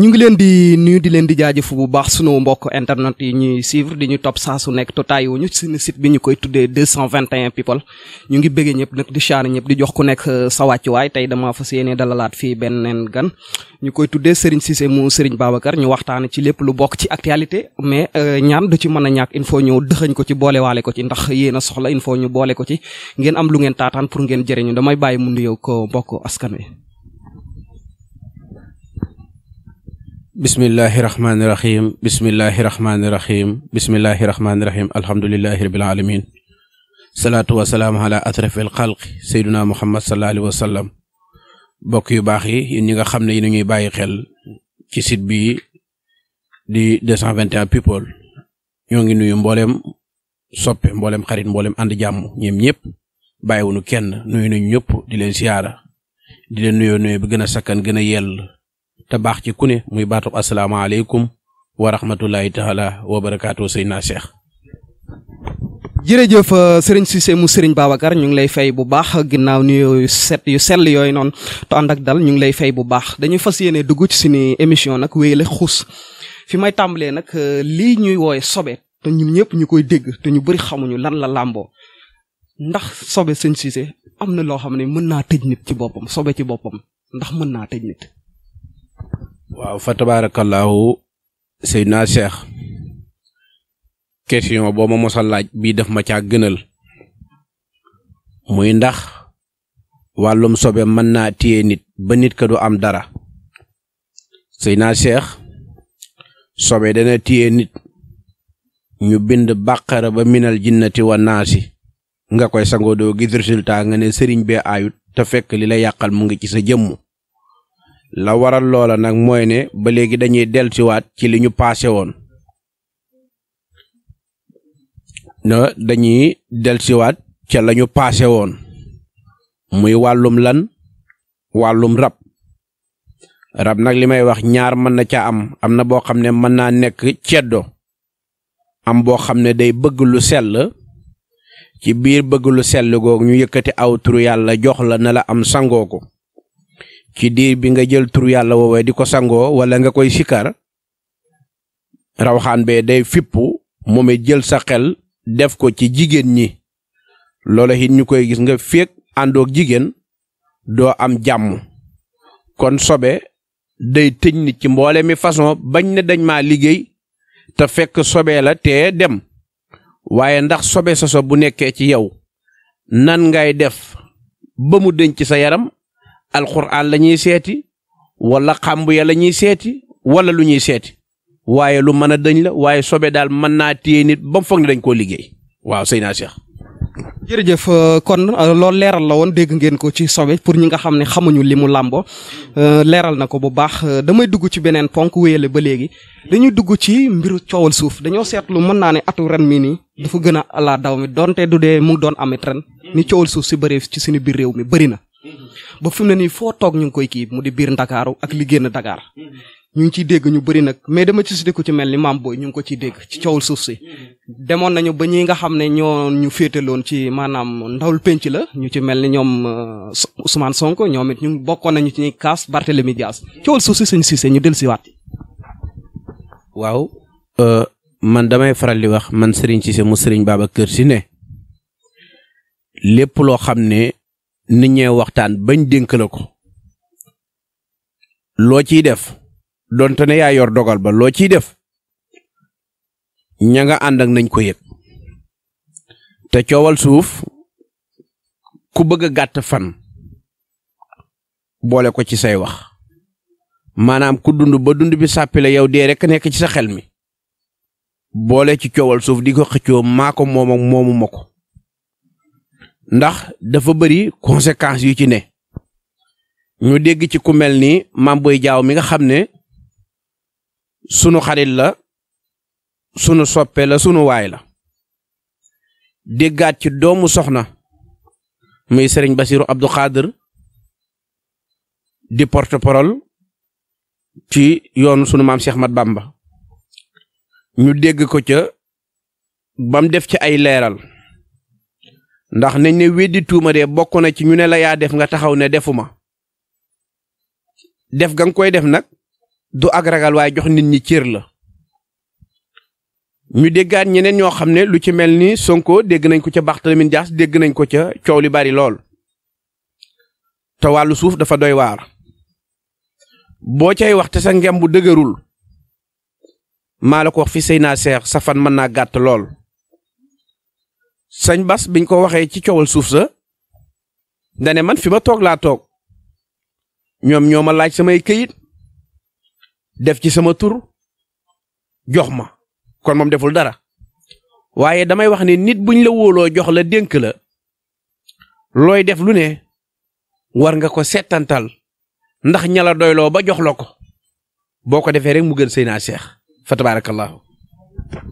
ñu ngi leen di nuyu di leen di jaajëf bu baax sunu mbokk internet yi ñuy suivre di ñu topp saa su nekk totaayu ñu suñu site bi ñu koy tuddee 221 people ñu ngi bëggee ñëpp nag di chaar ñëpp di jox ku nekk euh, sa wàccuwaay tey dama fas yéene dalalaat fii benn beneen gan ñu koy tuddee Serigne Cissé mu Serigne Babacar ñu waxtaane ci lépp lu bokk ci actualité mais euh, ñaan du ci mën a ñàkk il faut ñu dëxëñ ko ci boolewaale ko ci ndax yéen a soxla il faut ñu boole ko ci ngeen am lu ngeen taataan ngeen jëriñu damay bàyyi mu ko mbokk askan wi bismillahi rahmaani rahim bismillahi rahmaani rahim bismillahi rahmaani rahim alhamdulillahi rabbil alamin salaatu wasalaamu ala asrafil xalq seyduna muhammad sallallahu alayhi bokk yu baax yi yéen ñi nga xam ne yéen ñuy bàyyi xel ci site bi di 221 ñoo ngi nuyu mbooleem soppe mbooleem xarit mbooleem ànd jàmm ñoom ñëpp bàyyiwunu kenn nuyu nañu ñëpp di leen siyaara di leen nuyoo nuyoo bi gën a sakkan gën a yell te baax ci ku ne muy baatu asalaamaaleykum wa rahmatulahi taala wa barakaatu Seydina Cheikh. jërëjëf euh, sëriñ Cissé mu sëriñ Babacar ñu ngi lay fay bu baax ginnaaw nuyu set yu sell yooyu noonu te ànd ak dal ñu ngi lay fay bu baax dañuy fas yéene dugg ci suñu émission nag wéy la xuus fi may tàmbalee nag euh, lii ñuy wooye sobe te ñun ñëpp ñu koy dégg te ñu bari xamuñu lan la làmboo ndax sobe sëñ Cissé am na loo xam ne mën naa tëj nit ci boppam sobe ci boppam ndax mën naa tëj waaw fa tabaarakallaahu naa Cheikh question boo ma mos laaj bii daf ma caa gënal muy ndax wàllum sobe mën naa téye nit ba nit ka du am dara sëy naa Cheikh sobe dana téye nit ñu bind bàqara ba minal jinnati wa naasi nga koy sangoo doo gis résultat nga ne sëriñ bee aayut te fekk lii la yàqal mu ngi ci sa jëmm la waral loola nag mooy ne ba léegi dañuy dellusiwaat ci li ñu paase woon dañuy dellusiwaat ca la ñu paase woon muy wàllum lan wàllum rab rab nag li may wax ñaar mën na ca am am na boo xam ne mën naa nekk ceddo am boo xam ne day bëgg lu sell ci biir bëgg lu sell googu ñu yëkkati aw turu yàlla jox la na la am sangoo ko ci diir bi nga jël tur yàlla woowee di ko sangoo wala nga koy sikar rawxaan bee day fippu moom jël sa xel def ko ci jigéen ñi loola it ñu koy gis nga féeg àndoog jigéen doo am jàmm kon sobe day tëj nit ci mboole mi façon bañ ne dañ maa liggéey te fekk sobe la tee dem waaye ndax sobe soso bu nekkee ci yow nan ngay def ba mu dëñ ci sa yaram alxuraan la ñuy seeti wala xàmb ya la ñuy seeti wala lu ñuy seeti waaye lu mën a dëñ la waaye sobe daal mën naa téye nit ba mu foog ne dañ koo liggéey waaw sëy naa Cheikh. jërëjëf euh, kon euh, loolu leeral la woon dégg ngeen ko ci sobe pour ñi nga xam ne xamuñu li mu làmbo euh, leeral na ko bu baax damay dugg ci beneen ponk wéyale ba léegi dañuy dugg ci mbiru coowal suuf dañoo seetlu mën naa ne atu ren mii nii dafa gën a laa daw mi donte du dee mu doon amit ren suuf si bëree ci suñu biir réew mi bëri na ba fi mu ne nii foo toog ñu ngi koy kii mu di biir ndakaaru ak li génn Dakar ñu ngi ciy dégg ñu bari nag mais dama ci cité ku ci mel ni maam booy ñu ngi ko ciy dégg ci coowul suuf si demoon nañu ba ñi nga xam ne ñoo ñu féetaloon ci maanaam ndawul penc la ñu ci mel ni ñoom euh, Ousmane sonk ñoom it ñu bokkoon nañu ci ñuy kaas Barthélemy Dias coowul suuf si sëñ Cissé ñu del siwaat waaw euh, man damay faral di wax man sëriñ si Cissé mu Serigne Babacar Sy ne lépp nit ñee waxtaan bañ dénk la ko loo ciy def donte ne yaa yor dogal ba loo ciy def ña nga ànd nañ ko yëg te coowal suuf ku bëgg a gàtt fan boole ko ci say wax maanaam ku dund ba dund bi sàppi la yow dee rek nekk ci sa xel mi boole ci coowal suuf di ko xëccoo maa ko moom moomu ma ko ndax dafa bëri conséquences yu ci ne ñu dégg ci ku mel ni Mame Boye jaaw mi nga xam ne sunu xarit la sunu soppe la sunu waay la déggaat ci doomu soxna muy sëriñ Basiru Abdou Khader di porte ci yoon sunu maam Cheikh Mat Bamba ñu dégg ko ca bam def ci ay leeral ndax nañ ne weddi tuuma de bokk na ci ñu ne la yaa def nga taxaw ne defuma def ga koy def nag du ak ragal waaye jox nit ñi cër la ñu déggaat ñeneen ñoo xam ne lu ci mel ni Sonko dégg nañ ko ca Barthélémy Dias dégg nañ ko ca coow li bari lool te wàllu suuf dafa doy waar boo cay wax te sa ngem bu dëgërul maa la ko wax fi sëy naa seex sa fan mën naa gàtt lool sañ bas biñ ko waxee ci coowal suuf sa ne man fi ma toog laa toog ñoom ñoo ma laaj samay këyit def ci sama tur jox ma kon moom deful dara waaye damay wax ni nit buñ la wóoloo jox la dénk la looy def lu ne war nga ko settantal ndax ñala doyloo ba jox la ko boo ko defee rek mu gën sëy naa seex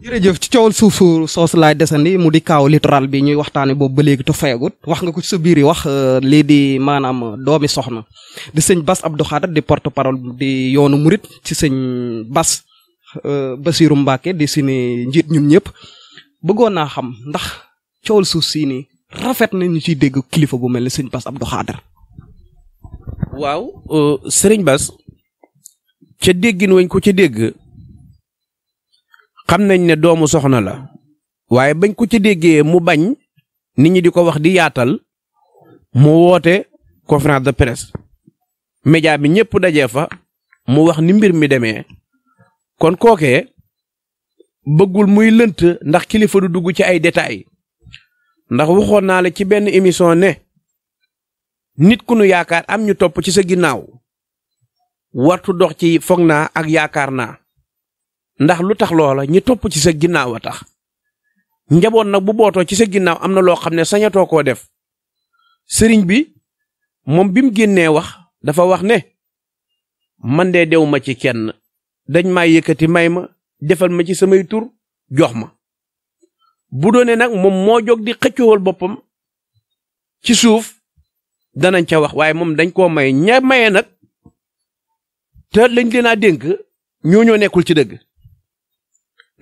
jërëjëf ci coowal suuf soosu laay desandi mu di kaaw littoral bi ñuy waxtaane boobu ba léegi te fayagut wax nga ko ci sa biir yi wax euh, lii di maanaam euh, doomi soxna di sëñ bas Abdou Khadre di porte parole di yoonu murit ci sëñ bas euh, Bassirou Mbacké di suñu njiit ñun ñëpp bëggoon naa xam ndax coowal suuf sii nii rafet na ñu ciy dégg kilifa bu mel ni sëñ Bass Abdou Khadre. waaw sëriñ Bass ca déggin wañ ko ci dégg. xam nañ ne doomu soxna la waaye bañ ko ci déggee mu bañ nit ñi di ko wax di yaatal mu woote conférence de presse média bi ñëpp dajee fa mu wax ni mbir mi demee kon kookee bëggul muy lënt ndax kilifa du dugg ci ay détails ndax waxoon naa le ci benn émission ne nit ku nu yaakaar am ñu topp ci sa ginnaaw wartu dox ci foog naa ak yaakaar naa ndax lu tax loola ñi topp ci sa ginnaaw a tax njaboot nag bu bootoo ci sa ginnaaw am na loo xam ne sañatoo koo def sëriñ bi moom bi mu génnee wax dafa wax ne man de dewuma ci kenn dañ maa yëkkati may ma defal ma ci samay tur jox ma bu doonee nag moom moo jóg di xëccoowal boppam ci suuf danañ ca wax waaye moom dañ koo may ña maye nag te lañ leen a dénk ñoo ñoo nekkul ci dëgg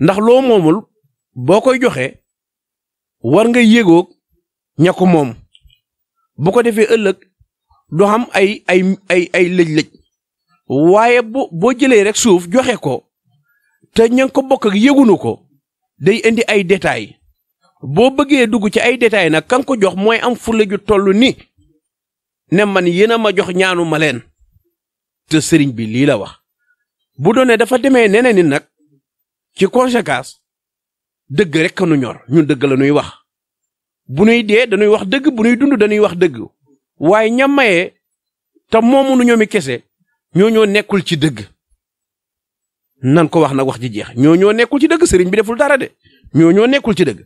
ndax loo moomul boo koy joxe war nga yéegoog ña moom bu ko defee ëllëg du xam ay ay ay ay lëj-lëj waaye boo jëlee rek suuf joxe ko te ña ko bokk ak ko day indi ay détails boo bëggee dugg ci ay détails nag kan ko jox mooy am fulla ju toll ni ne man yéen a ma jox ñaanu maleen te sëriñ bi lii la wax bu doone dafa demee neneen ni nag ci conséquence dëgg rek nu ñor ñu dëgg la nuy wax bu nuy dee dañuy wax dëgg bu nuy dund dañuy wax dëgg waaye ña maye te moomu nu ñoomi kese ñoo ñoo nekkul ci dëgg nan ko wax na wax ji jeex ñoo ñoo nekkul ci dëgg sëriñ bi deful dara de ñoo ñoo nekkul ci dëgg.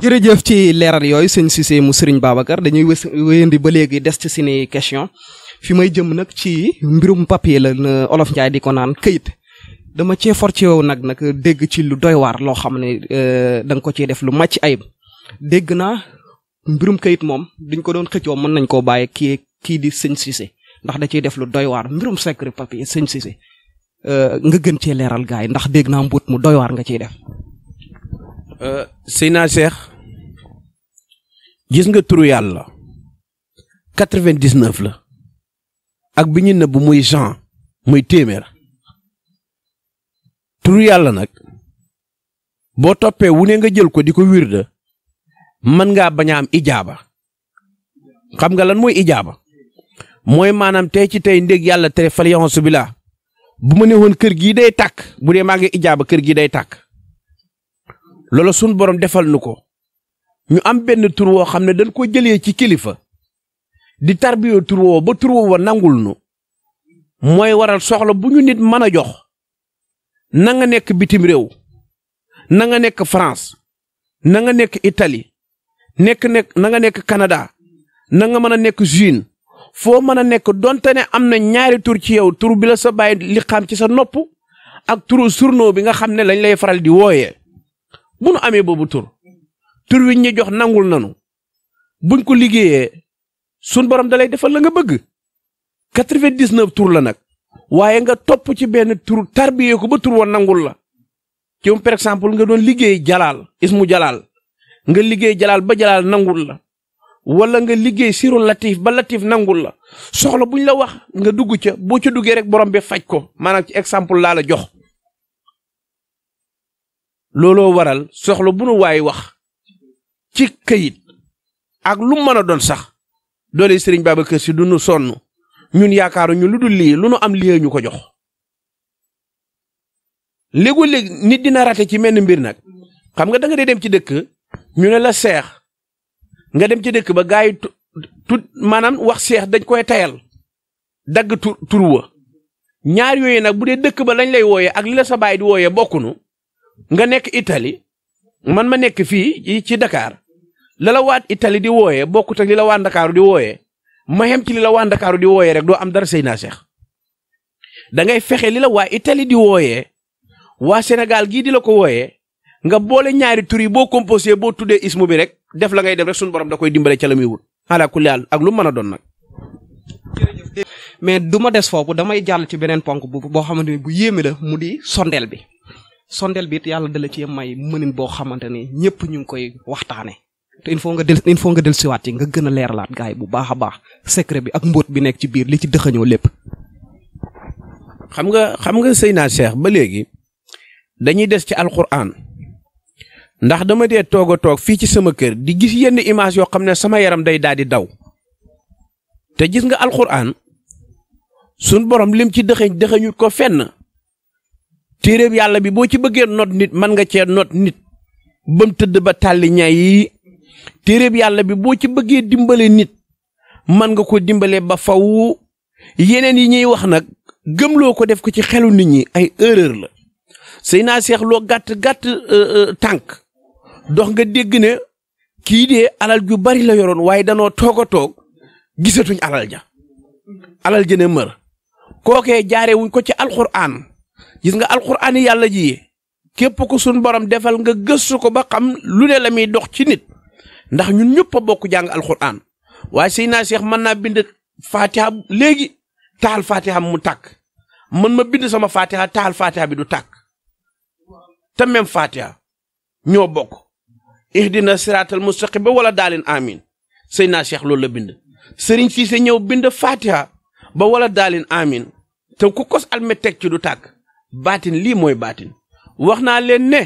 jërëjëf ci leeral yooyu sëñ Cissé mu sëriñ Babacar dañuy wéyandi ba léegi des ci seeni question fi may jëm nag ci mbirum papier la olof Njaay di ko naan këyit dama cee for ci nag nag dégg ci lu doywaar loo xam ne euh, da nga ko ciy def lu màcc ayib dégg naa mbirum kayit moom duñ ko doon xëccoo mën nañ koo bàyyi kii kii di sëñ Cissé ndax da ciy def lu doy waar mbirum secret papier sëñ Cissé euh, nga gën cee leeral gars yi ndax dégg naa mbuut mu doy waar nga ciy def. sëy naa Seex gis nga turu yàlla. 99 la. ak bi ñu nëbb muy cent muy téeméer. turu yàlla nag boo toppee wu ne nga jël ko di ko wirda mën ngaa bañ a am ijaaba xam nga lan mooy ijaaba mooy maanaam tey ci tey ndeg yàlla tere fal yaxonsu bu ma ne woon kër gii day takk bu dee maa ngi ijaaba kër gii day takk loolu sun borom defal nu ko ñu am benn tur woo xam ne dañ ko jëlee ci kilifa di tarbiyoo tur woo ba tur woo wa nangul nu mooy waral soxla bu ñu nit mën a jox na nga nekk bitim réew na nga nekk France na nga nekk itali nekk nekk na nga nekk kanada na nga mën a nekk Juin foo mën a nekk donte ne am na ñaari tur ci yow tur bi la sa bàyyi li xam ci sa nopp ak turu surno bi nga xam ne lañ lay faral di wooye bu nu amee boobu tur tur wi ñu jox nangul nanu buñ ko liggéeyee sun borom da defal la nga bëgg quatre vingt dix tur la nag waaye nga topp ci benn tur tarbiyee ko ba tur wa nangul la ci par exemple nga doon liggéey jalaal ismu jalaal nga liggéey jalaal ba jalaal nangul la wala nga liggéey siru latif ba latif nangul la soxla buñ la wax nga dugg ca boo ca duggee rek borom bi faj ko maanaam ci exemple laa la jox looloo waral soxla bu nu waay wax ci këyit ak lu mën a doon sax doole Serigne Babacar Sy du nu sonn ñun yaakaaru lu dul lii lu nu am lii ñu ko jox léegu-léeg nit dina rate ci menn mbir nag xam nga da nga dee dem ci dëkk ñu ne la seex nga dem ci dëkk ba gaa yi tut wax seex dañ koy tayal dagg tur tur ñaar yooyu nag bu dee dëkk ba lañ lay wooyee ak li la sa baay di wooyee bokkunu nga nekk itali man ma nekk fii ci Dakar la la waat itali di wooyee bokkut ak li la waa Ndakaaru di wooyee ma xem ci li la waa Ndakaaru di wooyee rek doo am dara Seydina Cheikh da ngay fexe li la waa Italie di wooyee waa Sénégal gii di la ko wooye nga boole ñaari tur boo composé boo tuddee ismu bi rek def la ngay def rek suñu borom da koy dimbale ca la muy wut ala ak lu man a doon nag. mais du ma des foofu damay jàll ci beneen ponk bu boo xamante ni bu yéeme la mu di sondeel bi sondeel bi it yàlla dala ci may mënin boo xamante ni ñëpp ñu ngi koy waxtaane te il faut nga del il faut nga del siwaat ci nga gën a leeralaat gars bu baax baax secret bi ak mbóot bi nekk ci biir li ci dëxañoo lépp. xam nga xam nga sëy naa Cheikh ba léegi dañuy des ci alquran ndax dama dee toog a toog fii ci sama kër di gis yenn image yoo xam ne sama yaram day daal di daw te gis nga alquran sun boroom lim ci dëxëñ dëxëñut ko fenn téeréeb yàlla bi boo ci bëggee not nit mën nga cee not nit bam tëdd ba tàlli ñaay yi téere bi yàlla bi boo ci bëggee dimbale nit man nga ko dimbalee ba faw yeneen yi ñuy wax nag gëmloo ko def ko ci xelu nit ñi ay erreur la sëy naa seex loo gàtt gàtt euh, euh, tànk dox nga dégg ne kii de alal ju bari la yoroon waaye danoo toog a toog gisatuñ alal ja alal ja ne kooke jaarewuñ ko ci alxuraan gis nga alxuraan yàlla ji képp ko sun borom defal nga gëstu ko ba xam lu ne la muy dox ci nit ndax ñun ñëpp bokk jàng alxuraan waaye naa Cheikh mën naa bind faatiha léegi taal faatiha mu tàkk man ma bind sama faatiha taal faatiha bi du tàkk te même faatiha ñoo bokk ihdina siraatal mustaqim ba wala daalin amin Seydina Cheikh loolu la bind Serigne Cissé ñëw bind faatiha ba wala daalin amin te ku kos almet ci du tàkk baatin lii mooy baatin wax naa leen ne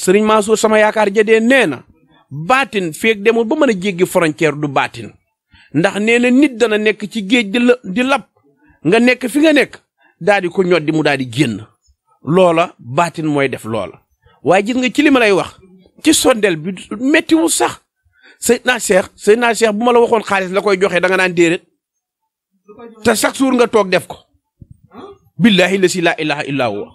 Serigne Mansour sama yaakaar jadee nee na baatin feeg demul ba mën a jéggi frontière du baatin ndax nee na nit dana nekk ci géej di la di lab nga nekk fi nga nekk daal di ko ñoddi mu daal di génn loola baatin mooy def loola waaye gis nga ci li ma lay wax ci sondeel bi méttiwul sax sëñ naa Cheikh sëñ naa Cheikh bu ma la waxoon xaalis la koy joxe da nga naan déedéet te chaque jour nga toog def ko billaahi la si laa ilaha illaa huwa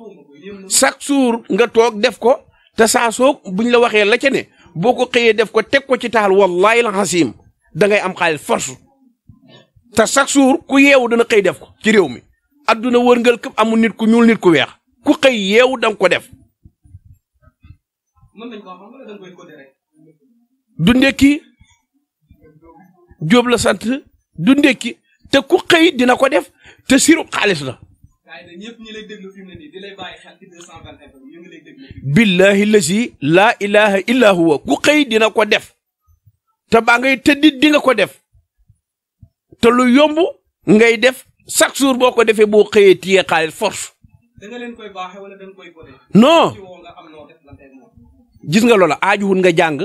nga toog def ko te saa soog buñ la waxee la ca ne boo ko xëyee def ko teg ko ci taal wallahi la xasim da ngay am xaalis force te chaque jour ku yeewu dana xëy def ko ci réew mi adduna wërngal këpp amun nit ku ñuul nit ku weex ku xëy yeewu danga ko def. du ndekki Jóob la sant du ndekki te ku xëy dina ko def te siru xaalis la. billahi lazi laa ilaha illa ku xëy dina ko def te baa ngay tëddit dinga ko def te lu yomb ngay def chaque jour boo ko defee boo xëyee téye xaalis force non gis nga loola aajuwul nga jàng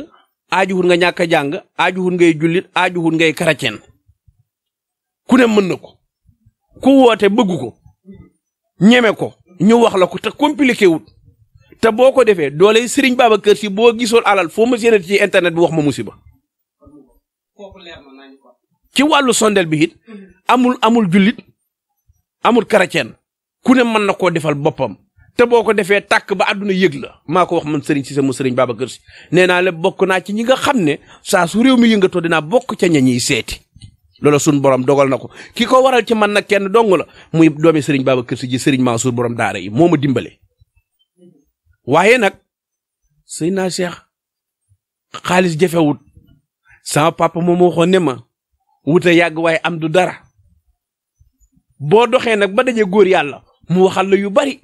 aajuwul nga ñàkk a jàng aajuwul ngay jullit aajuwul ngay chrétien ku ne mën na ko ku woote bëgg ko ñeme ko ñu wax la ko te compliqué wut te boo ko defee doole sëriñ Serigne Babacar yi boo gisoon alal foo ma séenati ci internet bi wax ma musiba ci wàllu sondel bi it amul amul jullit amul chrétien ku ne mën na koo defal boppam te boo ko defee tàkk ba àdduna yëg la maa ko wax man Serigne Cissé mu Serigne Babacar Sy nee naa la bokk naa ci ñi nga xam ne saa su réew mi yëngatoo dinaa bokk ca ña ñuy seeti. loola sun borom dogal na ko ki ko waral ci man nag kenn dong la muy doomi Serigne Babacar Sy ji Serigne Mansour borom daara yi moo ma dimbale waaye nag sëy naa Cheikh xaalis jafewut sama papa moom waxoon ne ma wuta yàgg waaye am du dara boo doxee nag ba daje góor yàlla mu waxal la yu bari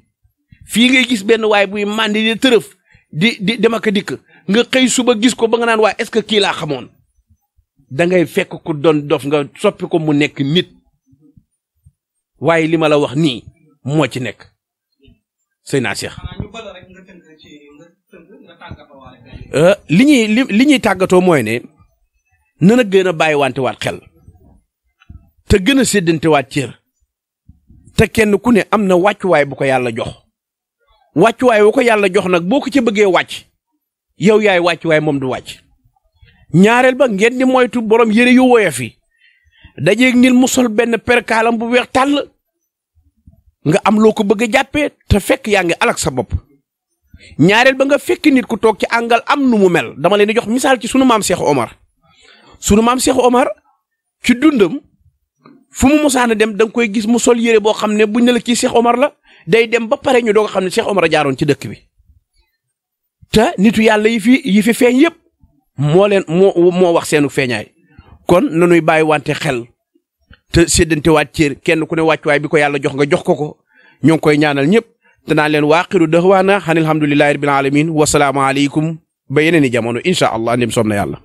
fii ngay gis benn waay buy màndi di tërëf di di dem ak dikk nga xëy suba gis ko ba nga naan waa est-ce que kii laa xamoon dangay fekk ku doon dof nga soppi ko mu nekk mit waaye li ma la wax nii moo ci nekk sëy naa Cheikh euh, li ñuy li li ñuy tàggatoo mooy ne a gën a bàyyi waat xel te gën a séddante waat cër te kenn ku ne am na wàccuwaay bu ko yàlla jox wàccuwaay bu ko yàlla jox nag boo ko ci bëggee wàcc yow yaay wàccuwaay moom du wàcc ñaareel ba ngeen di moytu borom yére yu woyof yi dajeeg nit mu sol benn perkaalam bu weex tàll nga am loo ko bëgg a jàppee te fekk yaa ngi alak sa bopp ñaareel ba nga fekk nit ku toog ci àngal am nu mu mel dama leen di jox misaal ci sunu maam Cheikh Omar sunu maam Cheikh Omar ci dundam fu mu musaana dem danga koy gis mu sol yére boo xam ne buñ ne kii Cheikh Omar la day dem ba pare ñu doog xam ne Cheikh Omar a jaaroon ci dëkk bi te nitu yàlla yi fi yi fi feeñ moo leen moo moo wax seenu feeñaay kon nanuy bàyyi wante xel te séddante waat kenn ku ne wàccuwaay bi ko yàlla jox nga jox ko ko ñoo ngi koy ñaanal ñëpp danaa leen waaqiru dëxwaana xan alhamdulilahi rabbil alamin wasalaamu aleykum ba yeneen i jamono incha allah ndem soob na yàlla